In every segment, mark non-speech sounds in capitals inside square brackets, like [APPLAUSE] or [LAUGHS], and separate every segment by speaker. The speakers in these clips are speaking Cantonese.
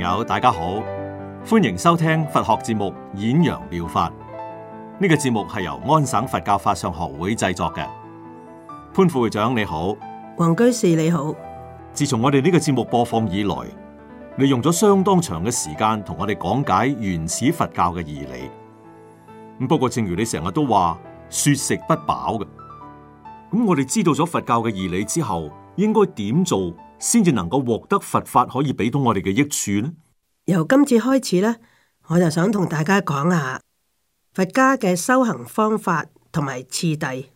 Speaker 1: 朋友大家好，歡迎收聽佛學節目《演揚妙，妙法》。呢、這個節目係由安省佛教法相學會製作嘅。潘副會長你好，
Speaker 2: 黃居士你好。
Speaker 1: 自從我哋呢個節目播放以來，你用咗相當長嘅時間同我哋講解原始佛教嘅義理。咁不過正如你成日都話，說食不飽嘅。咁我哋知道咗佛教嘅義理之後。應該點做先至能夠獲得佛法可以俾到我哋嘅益處呢？
Speaker 2: 由今次開始咧，我就想同大家講下佛家嘅修行方法同埋次第，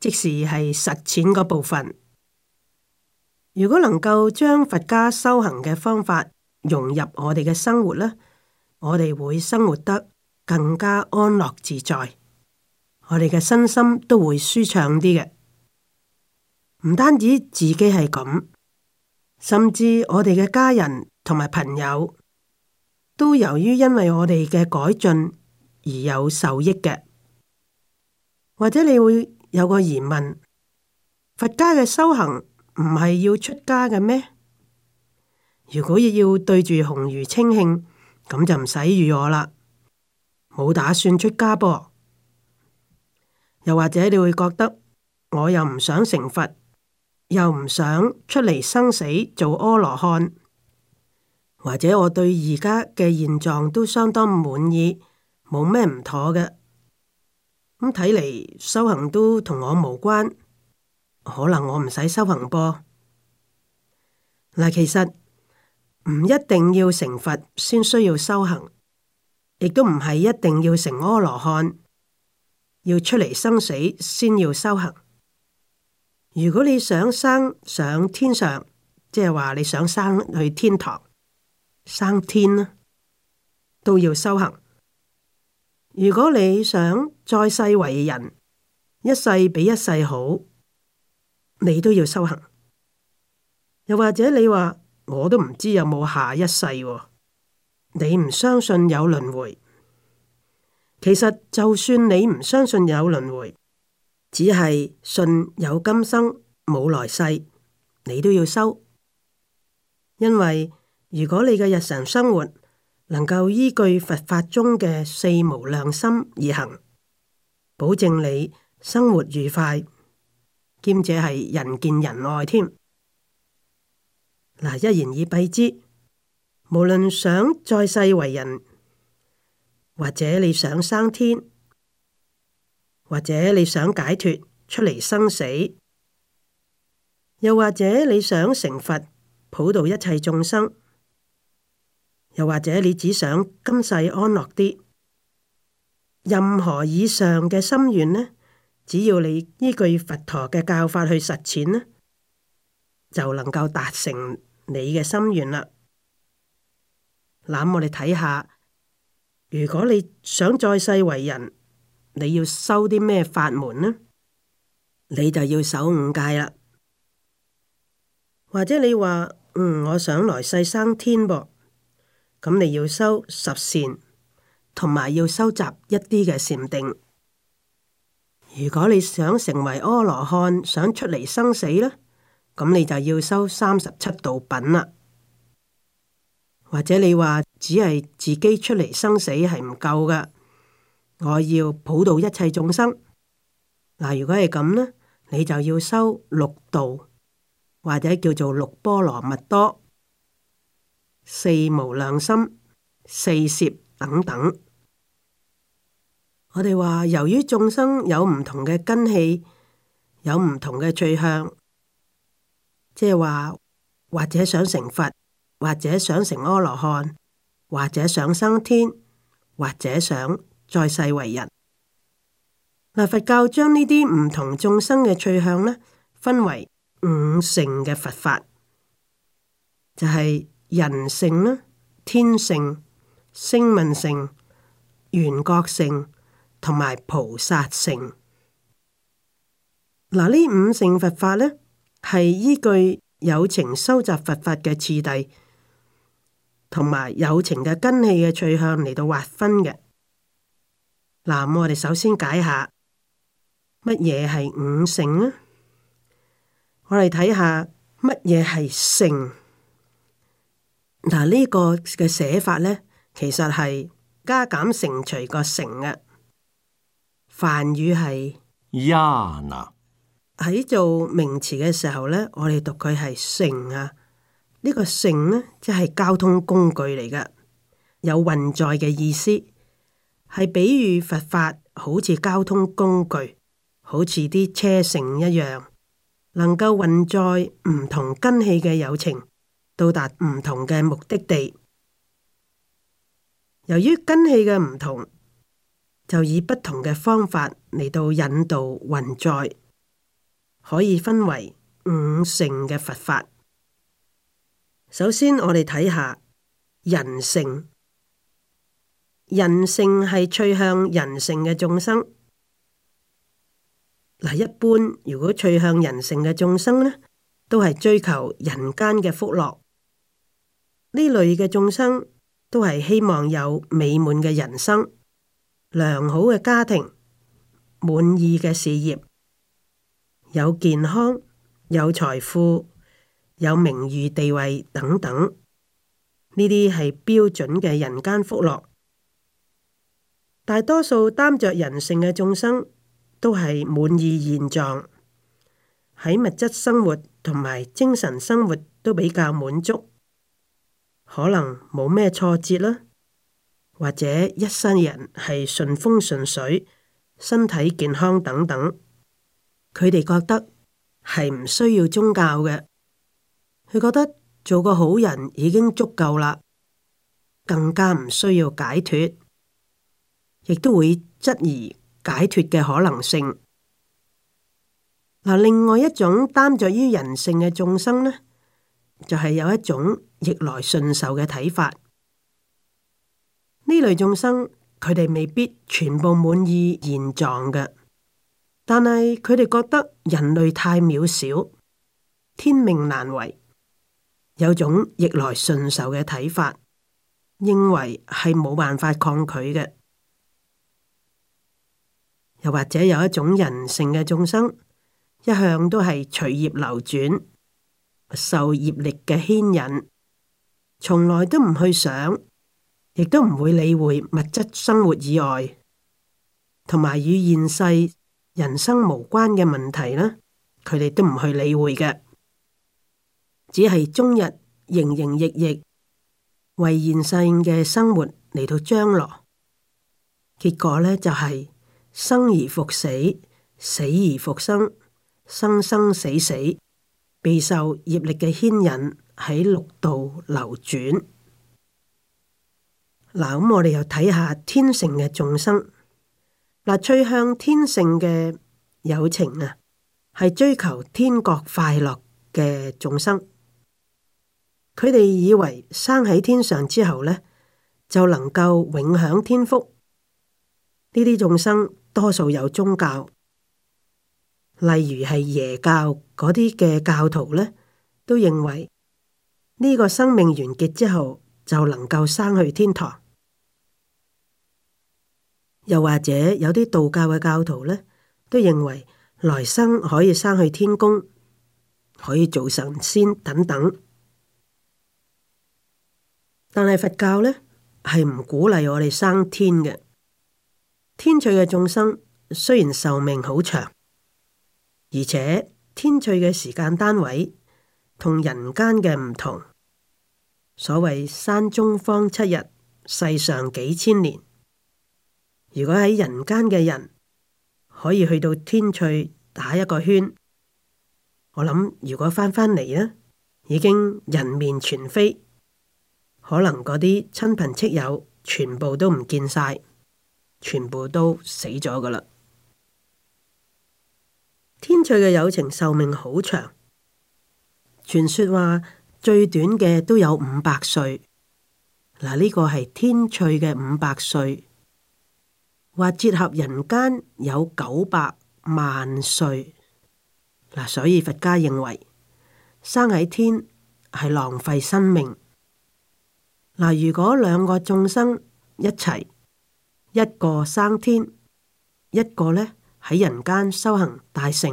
Speaker 2: 即係實踐嗰部分。如果能夠將佛家修行嘅方法融入我哋嘅生活咧，我哋會生活得更加安樂自在，我哋嘅身心都會舒暢啲嘅。唔單止自己係咁，甚至我哋嘅家人同埋朋友都由於因為我哋嘅改進而有受益嘅。或者你會有個疑問：佛家嘅修行唔係要出家嘅咩？如果要對住紅魚青磬，咁就唔使預我啦，冇打算出家噃。又或者你會覺得我又唔想成佛。又唔想出離生死做阿羅漢，或者我對而家嘅現狀都相當唔滿意，冇咩唔妥嘅。咁睇嚟修行都同我無關，可能我唔使修行噃。嗱，其實唔一定要成佛先需要修行，亦都唔係一定要成阿羅漢，要出離生死先要修行。如果你想生上天上，即係話你想生去天堂生天啦，啊，都要修行。如果你想再世為人，一世比一世好，你都要修行。又或者你話我都唔知有冇下一世啊，你唔相信有輪迴。其實就算你唔相信有輪迴。只係信有今生冇來世，你都要修，因為如果你嘅日常生活能夠依據佛法中嘅四無量心而行，保證你生活愉快，兼且係人見人愛添。嗱，一言以蔽之，無論想再世為人，或者你想生天。或者你想解脱出嚟生死，又或者你想成佛，普渡一切眾生，又或者你只想今世安樂啲，任何以上嘅心願呢，只要你依據佛陀嘅教法去實踐呢，就能夠達成你嘅心願啦。咁我哋睇下，如果你想再世為人。你要修啲咩法門呢？你就要守五戒啦。或者你話嗯，我想來世生天噃，啊，咁你要修十善，同埋要收集一啲嘅禪定。如果你想成為阿羅漢，想出離生死呢，咁你就要修三十七道品啦。或者你話只係自己出離生死係唔夠㗎。我要普渡一切眾生。嗱，如果係咁呢，你就要修六道，或者叫做六波羅蜜多、四無量心、四攝等等。我哋話，由於眾生有唔同嘅根器，有唔同嘅趣向，即係話，或者想成佛，或者想成阿羅漢，或者想生天，或者想……在世為人，嗱，佛教將呢啲唔同眾生嘅趣向呢，分為五乘嘅佛法，就係、是、人乘啦、天乘、聲聞乘、緣覺乘同埋菩薩乘。嗱，呢五乘佛法呢，係依據有情修習佛法嘅次第，同埋有情嘅根器嘅趣向嚟到劃分嘅。嗱，我哋首先解下乜嘢係五乘啊？我哋睇下乜嘢係乘。嗱，呢個嘅寫法呢，其實係加減乘除個乘嘅梵語係 yana。喺做名詞嘅時候呢，我哋讀佢係乘。啊。呢個乘呢，即係交通工具嚟噶，有運載嘅意思。係比喻佛法好似交通工具，好似啲車乘一樣，能夠運載唔同根器嘅有情，到達唔同嘅目的地。由於根器嘅唔同，就以不同嘅方法嚟到引導運載，可以分為五乘嘅佛法。首先我，我哋睇下人乘。人乘係趣向人乘嘅眾生，嗱一般如果趣向人乘嘅眾生咧，都係追求人間嘅福樂。呢類嘅眾生都係希望有美滿嘅人生、良好嘅家庭、滿意嘅事業、有健康、有財富、有名譽地位等等。呢啲係標準嘅人間福樂。大多數擔着人性嘅眾生都係滿意現狀，喺物質生活同埋精神生活都比較滿足，可能冇咩挫折啦，或者一生人係順風順水，身體健康等等，佢哋覺得係唔需要宗教嘅，佢覺得做個好人已經足夠啦，更加唔需要解脫。亦都會質疑解脱嘅可能性。嗱，另外一種擔著於人性嘅眾生呢，就係有一種逆來順受嘅睇法。呢類眾生，佢哋未必全部滿意現狀嘅，但係佢哋覺得人類太渺小，天命難違，有種逆來順受嘅睇法，認為係冇辦法抗拒嘅。又或者有一種人性嘅眾生，一向都係隨業流轉，受業力嘅牽引，從來都唔去想，亦都唔會理會物質生活以外，同埋與現世人生無關嘅問題呢，佢哋都唔去理會嘅，只係終日營營役役，為現世嘅生活嚟到張羅，結果呢，就係、是。生而復死，死而復生，生生死死，備受業力嘅牽引喺六道流轉。嗱，咁我哋又睇下天乘嘅眾生。嗱，趨向天乘嘅有情啊，係追求天國快樂嘅眾生。佢哋以為生喺天上之後呢，就能夠永享天福。呢啲眾生多數有宗教，例如係耶教嗰啲嘅教徒咧，都認為呢個生命完結之後就能夠生去天堂；又或者有啲道教嘅教徒咧，都認為來生可以生去天宮，可以做神仙等等。但係佛教咧係唔鼓勵我哋生天嘅。天趣嘅眾生雖然壽命好長，而且天趣嘅時間單位同人間嘅唔同。所謂山中方七日，世上幾千年。如果喺人間嘅人可以去到天趣打一個圈，我諗如果翻返嚟呢，已經人面全非，可能嗰啲親朋戚友全部都唔見晒。全部都死咗㗎喇！天趣嘅友情壽命好長，傳說話最短嘅都有五百歲。嗱、這、呢個係天趣嘅五百歲，話折合人間有九百萬歲。嗱，所以佛家認為生喺天係浪費生命。嗱，如果兩個眾生一齊。一個生天，一個呢喺人間修行大成，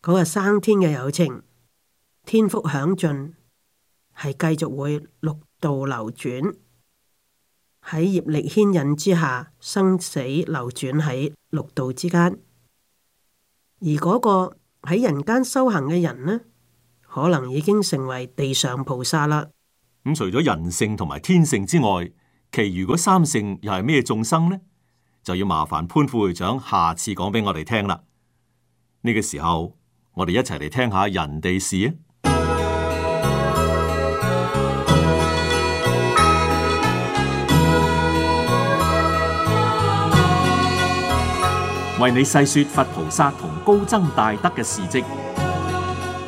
Speaker 2: 嗰、那個生天嘅有情，天福享盡，係繼續會六道流轉，喺業力牽引之下，生死流轉喺六道之間。而嗰個喺人間修行嘅人呢，可能已經成為地上菩薩啦。
Speaker 1: 咁、嗯、除咗人乘同埋天乘之外。其餘三聖又係咩眾生呢？就要麻煩潘副會長下次講俾我哋聽啦。呢、這個時候我哋一齊嚟聽下人哋事啊！為你細說佛菩薩同高僧大德嘅事跡，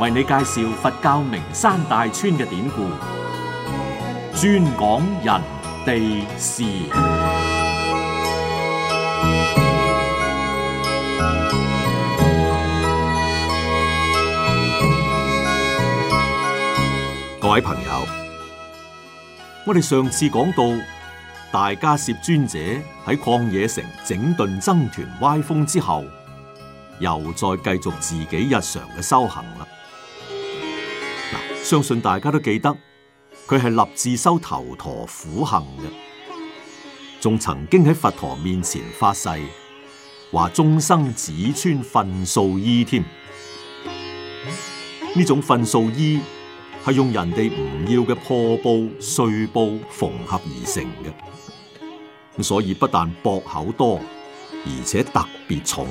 Speaker 1: 為你介紹佛教名山大川嘅典故，專講人。地事。各位朋友，我哋上次講到，大迦葉尊者喺曠野城整頓僧團歪風之後，又再繼續自己日常嘅修行啦。嗱，相信大家都記得。佢係立志修頭陀苦行嘅，仲曾經喺佛陀面前發誓，話終生只穿糞掃衣添。呢種糞掃衣係用人哋唔要嘅破布、碎布縫合而成嘅，所以不但薄厚多，而且特別重。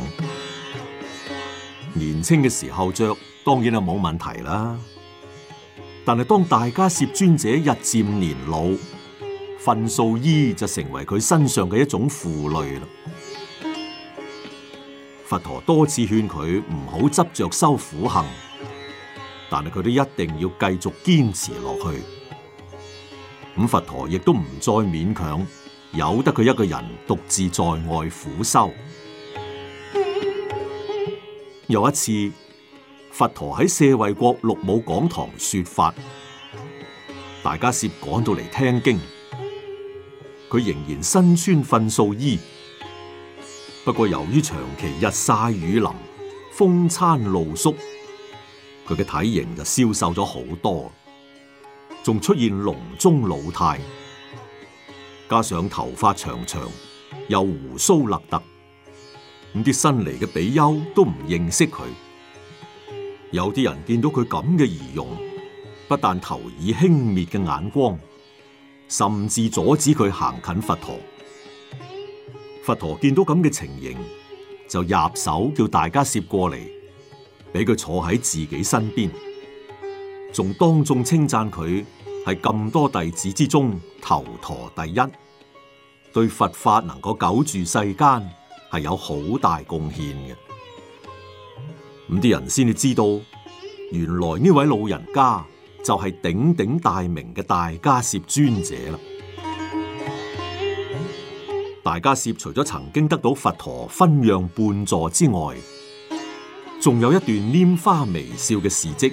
Speaker 1: 年青嘅時候着當然係冇問題啦。但係當大迦葉尊者日漸年老，糞掃衣就成為佢身上嘅一種負累啦。佛陀多次勸佢唔好執着修苦行，但係佢都一定要繼續堅持落去。咁佛陀亦都唔再勉強，由得佢一個人獨自在外苦修。有一次。佛陀喺舍衛國鹿母講堂說法，大家涉趕到嚟聽經。佢仍然身穿糞掃衣，不過由於長期日曬雨淋，風餐露宿，佢嘅體型就消瘦咗好多，仲出現龍鍾老態，加上頭髮長長又鬍鬚立突，咁啲新嚟嘅比丘都唔認識佢。有啲人見到佢咁嘅儀容，不但投以輕蔑嘅眼光，甚至阻止佢行近佛陀。佛陀見到咁嘅情形，就入手叫大家攝過嚟，俾佢坐喺自己身邊，仲當眾稱讚佢係咁多弟子之中頭陀第一，對佛法能夠久住世間係有好大貢獻嘅。咁啲人先至知道，原來呢位老人家就係鼎鼎大名嘅大迦葉尊者啦。大迦葉除咗曾經得到佛陀分讓半座之外，仲有一段拈花微笑嘅事蹟，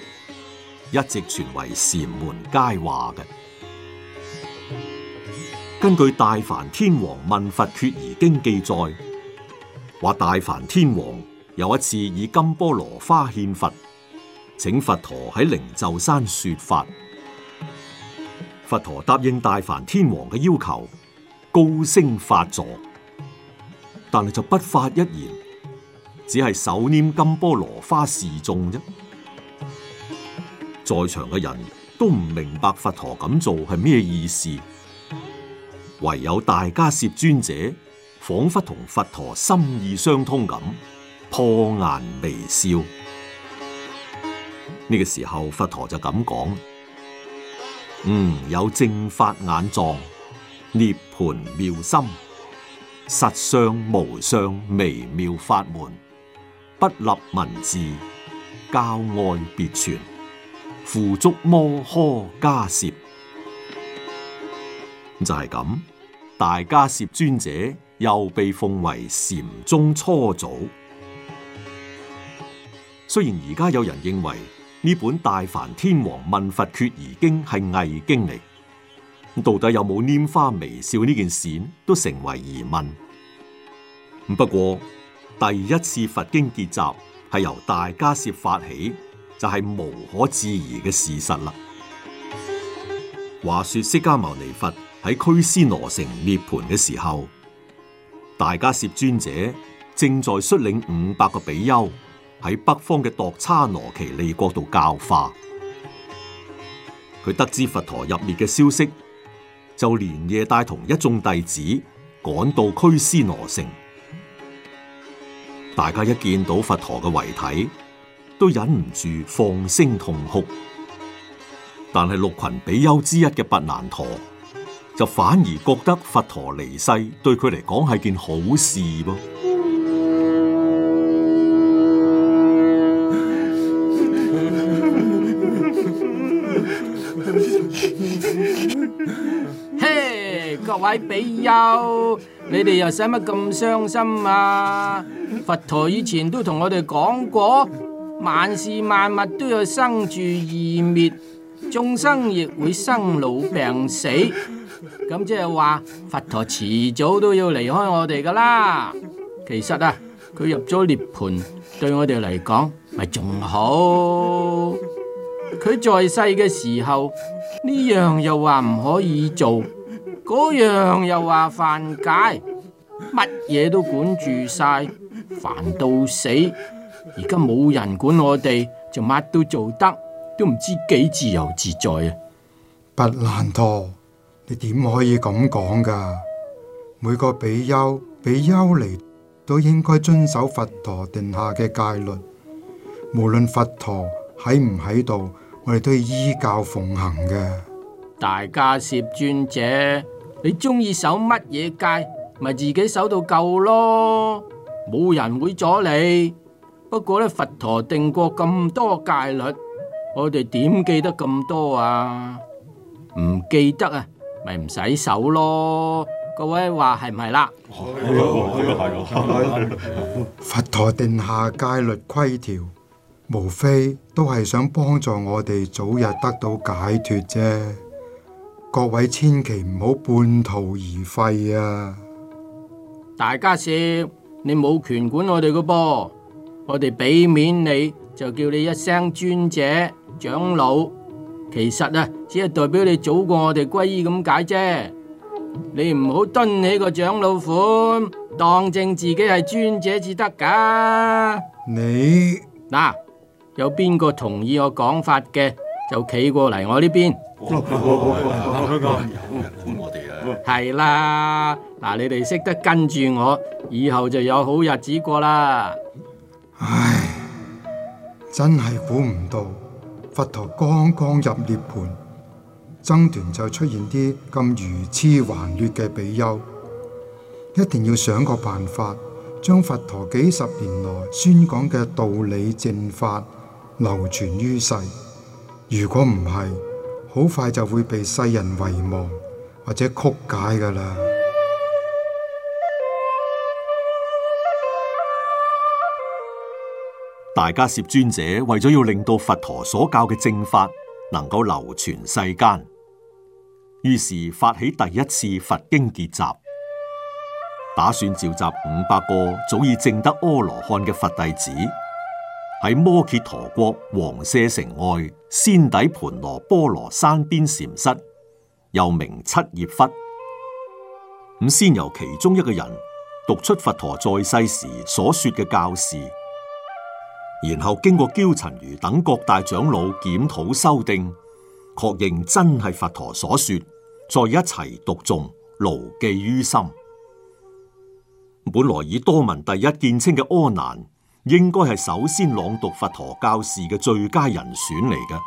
Speaker 1: 一直傳為禪門佳話嘅。根據大梵天王問佛決疑經記載，話大梵天王，有一次以金波羅花獻佛，請佛陀喺靈鷲山說法。佛陀答應大梵天王嘅要求，高升法座。但係就不發一言，只係手拈金波羅花示眾啫。在場嘅人都唔明白佛陀咁做係咩意思，唯有大迦葉尊者仿佛同佛陀心意相通咁。破顏微笑，呢、這個時候佛陀就咁講：嗯，有正法眼藏、涅槃妙心、實相無相微妙法門，不立文字，教外別傳，付囑摩訶迦葉。就係、是、咁，大迦葉尊者又被奉為禪宗初祖。雖然而家有人認為呢本《大梵天王問佛決疑經》係偽經嚟，到底有冇拈花微笑呢件事都成為疑問。不過第一次佛經結集係由大迦葉發起，就係、是、無可置疑嘅事實啦。話說釋迦牟尼佛喺拘尸羅城涅槃嘅時候，大迦葉尊者正在率領五百個比丘，喺北方嘅度差羅奇利國度教化，佢得知佛陀入滅嘅消息，就連夜帶同一眾弟子趕到拘尸羅城。大家一見到佛陀嘅遺體，都忍唔住放聲痛哭。但係六群比丘之一嘅跋難陀，就反而覺得佛陀離世對佢嚟講係件好事噃。
Speaker 3: 比丘！你哋又使乜咁傷心啊？佛陀以前都同我哋講過，萬事萬物都有生住異滅，眾生亦會生老病死。咁即係話，佛陀遲早都要離開我哋噶啦。其實啊，佢入咗涅槃，對我哋嚟講咪仲好。佢在世嘅時候，呢樣又話唔可以做。嗰樣又話犯戒，乜嘢都管住晒，煩到死。而家冇人管我哋，就乜都做得，都唔知幾自由自在啊！不難陀，你點可以咁講噶？每個比丘、比丘尼都應該遵守佛陀定下嘅戒律，無論佛陀喺唔喺度，我哋都要依教奉行嘅。大迦葉尊者。你中意守乜嘢戒，咪自己守到夠咯，冇人會阻你。不過咧，佛陀定過咁多戒律，我哋點記得咁多啊？唔記得啊，咪唔使守咯。各位話係唔係啦？佛陀定下戒律規條，無非都係想幫助我哋早日得到解脫啫。各位千祈唔好半途而廢啊！大迦葉，你冇權管我哋個噃，我哋俾面你就叫你一聲尊者長老，其實啊，只係代表你早過我哋歸依咁解啫。你唔好蹲起個長老款，當正自己係尊者至得噶。你嗱，啊，有邊個同意我講法嘅？就企過嚟我呢邊，係啦，嗱、啊，你哋識得跟住我，以後就有好日子過啦。 [LAUGHS] 唉，真係估唔到，佛陀剛剛入涅盤，僧團就出現啲咁愚癡頑劣嘅比丘，一定要想個辦法，將佛陀幾十年來宣講嘅道理正法流傳於世。如果唔係，好快就會被世人遺忘或者曲解㗎喇。
Speaker 1: 大迦葉尊者為咗要令到佛陀所教嘅正法能夠流傳世間，於是發起第一次佛經結集，打算召集五百個早已證得阿羅漢嘅佛弟子。喺摩羯陀國王舍城外仙底盤羅波羅山邊禪室，又名七葉窟。咁先由其中一個人讀出佛陀在世時所說嘅教示，然後經過憍陳如等各大長老檢討修訂，確認真係佛陀所說，再一齊讀誦，牢記於心。本來以多聞第一見稱嘅阿難，應該係首先朗讀佛陀教示嘅最佳人選嚟嘅，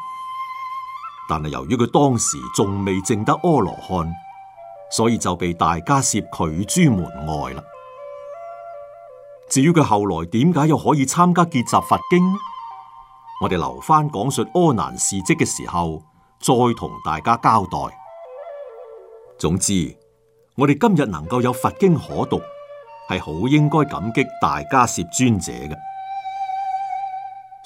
Speaker 1: 但係由於佢當時仲未證得阿羅漢，所以就被大迦葉拒諸門外啦。至於佢後來點解又可以參加結集佛經，我哋留翻講述阿難事迹嘅時候再同大家交代。總之，我哋今日能夠有佛經可讀，係好應該感激大迦葉尊者嘅。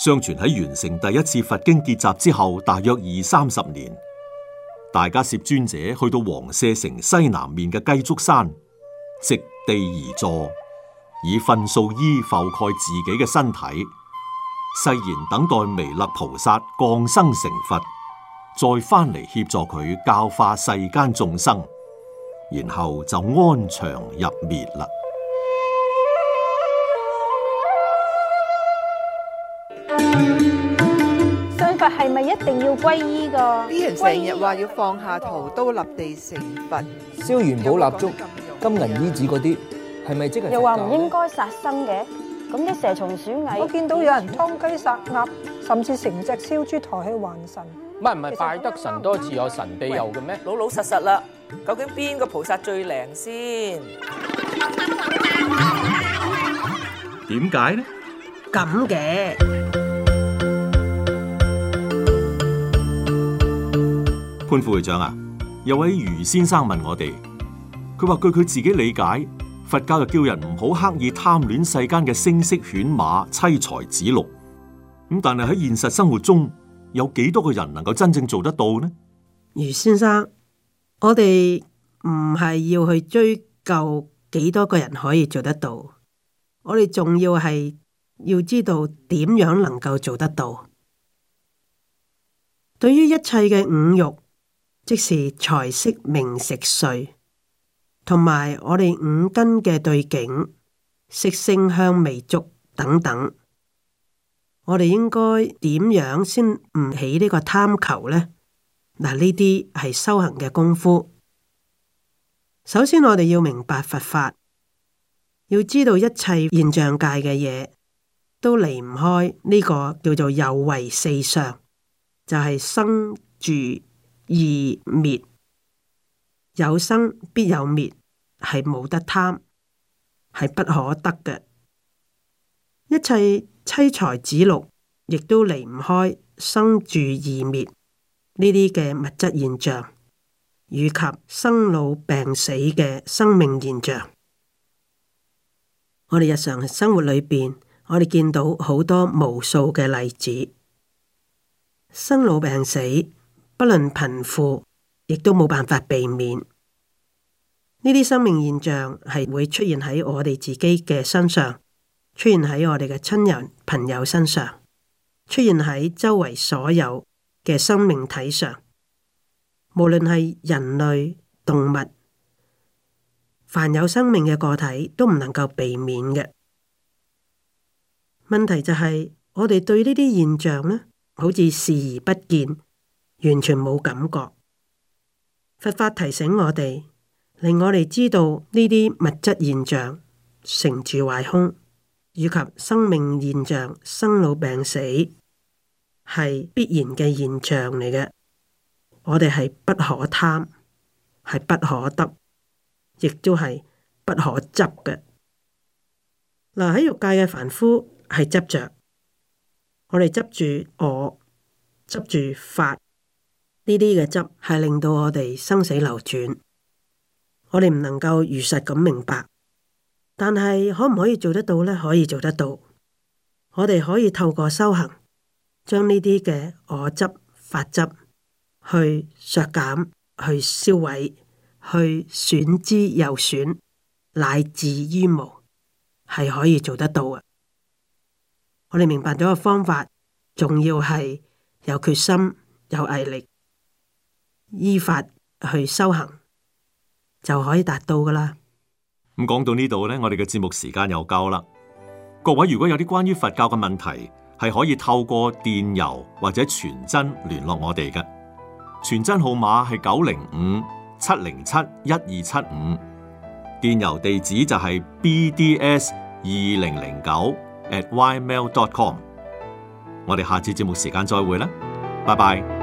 Speaker 1: 相傳喺完成第一次佛經結集之後，大約二三十年，大迦葉尊者去到王舍城西南面嘅雞足山，席地而坐，以糞掃衣覆蓋自己嘅身體，誓言等待彌勒菩薩降生成佛，再翻嚟協助佢教化世間眾生，然後就安詳入滅啦。
Speaker 3: 係咪一定要皈依噶？啲人成日話要放下屠刀立地成佛，燒元寶蠟燭、金銀衣紙嗰啲，係咪即係？又話唔應
Speaker 2: 該殺生嘅，咁啲蛇蟲鼠蟻，我見到有人劏雞殺鴨，甚至成隻燒豬抬去還神，
Speaker 3: 唔係唔係拜得神多自有神庇佑嘅咩？老老實實啦，究竟邊個菩薩最靈先？
Speaker 1: 點解
Speaker 2: 呢？咁嘅。
Speaker 1: 潘副會長啊，有位余先生問我哋，佢話據佢自己理解，佛教就叫人唔好刻意貪戀世間嘅聲色犬馬、妻財子祿。咁但係喺現實生活中，有幾多個人能夠真正做得到呢？
Speaker 2: 余先生，我哋唔係要去追究幾多個人可以做得到，我哋仲要係要知道點樣能夠做得到。對於一切嘅五欲。即是財色名食睡，同埋我哋五根嘅對境、色聲香味、足等等，我哋應該點樣先唔起呢個貪求呢？嗱，呢啲係修行嘅功夫。首先，我哋要明白佛法，要知道一切現象界嘅嘢都離唔開呢個叫做有為四相，就係、是、生住，而滅有生必有滅，係冇得貪，係不可得嘅。一切妻財子禄，亦都離唔開生住異滅呢啲嘅物質現象，以及生老病死嘅生命現象。我哋日常生活裏邊，我哋見到好多無數嘅例子，生老病死。不論貧富，亦都冇辦法避免。呢啲生命現象係會出現喺我哋自己嘅身上，出現喺我哋嘅親人朋友身上，出現喺周圍所有嘅生命體上。無論係人類、動物，凡有生命嘅個體都唔能夠避免嘅。問題就係，我哋對呢啲現象咧，好似視而不見。完全冇感覺，佛法提醒我哋，令我哋知道呢啲物質現象成住壞空，以及生命現象生老病死係必然嘅現象嚟嘅。我哋係不可貪，係不可得，亦都係不可執嘅。嗱，喺欲界嘅凡夫係執着，我哋執住我，執住法。呢啲嘅執係令到我哋生死流轉，我哋唔能夠如實咁明白，但係可唔可以做得到呢？可以做得到。我哋可以透過修行，將呢啲嘅我執、法執去削減、去消毀、去損之又損，乃至於無，係可以做得到嘅。我哋明白咗個方法，仲要係有決心、有毅力。依法去修行，就可以達到噶啦。咁
Speaker 1: 講到呢度呢，我哋嘅節目時間又夠啦。各位如果有啲關於佛教嘅問題，係可以透過電郵或者傳真聯絡我哋嘅。傳真號碼係九零五七零七一二七五，75, 電郵地址就係 bds 二零零九 @ymail.com。我哋下次節目時間再會啦，拜拜。